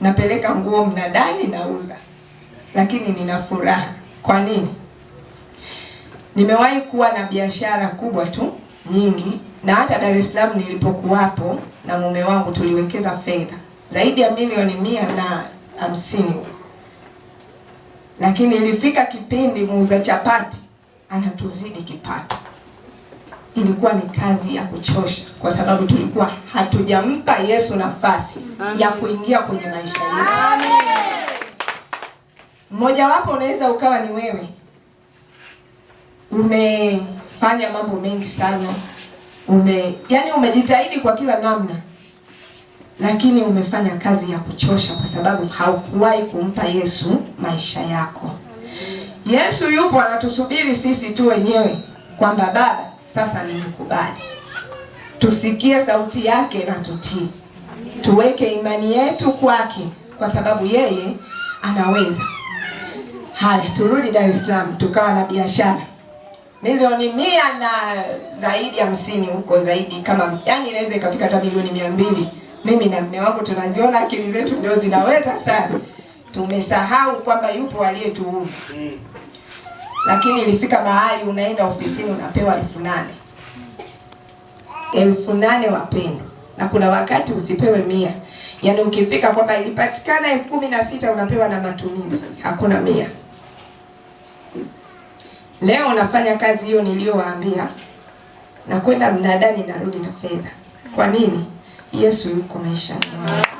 napeleka nguo mnadani, nauza, lakini nina furaha. Kwa nini? Nimewahi kuwa na biashara kubwa tu nyingi, na hata Dar es Salaam nilipokuwapo na mume wangu tuliwekeza fedha zaidi ya milioni mia na hamsini huko, lakini ilifika kipindi muuza chapati anatuzidi kipato ilikuwa ni kazi ya kuchosha, kwa sababu tulikuwa hatujampa Yesu nafasi Amen. ya kuingia kwenye maisha yetu. Mmojawapo unaweza ukawa ni wewe, umefanya mambo mengi sana, ume yani umejitahidi kwa kila namna, lakini umefanya kazi ya kuchosha, kwa sababu haukuwahi kumpa Yesu maisha yako. Yesu yupo anatusubiri sisi tu wenyewe kwamba Baba sasa ni mkubali Tusikie sauti yake na tutii, tuweke imani yetu kwake, kwa sababu yeye anaweza. Haya, turudi Dar es Salaam, tukawa na biashara milioni mia na zaidi ya hamsini huko zaidi, kama yani inaweza ikafika hata milioni mia mbili. Mimi na mme wangu tunaziona akili zetu ndio zinaweza sana, tumesahau kwamba yupo aliyetuumba. Mm lakini ilifika mahali unaenda ofisini unapewa elfu nane elfu nane wapendwa, na kuna wakati usipewe mia. Yaani ukifika kwamba ilipatikana elfu kumi na sita unapewa na matumizi, hakuna mia. Leo unafanya kazi hiyo niliyowaambia, nakwenda mnadani, narudi na fedha. Kwa nini? Yesu yuko maisha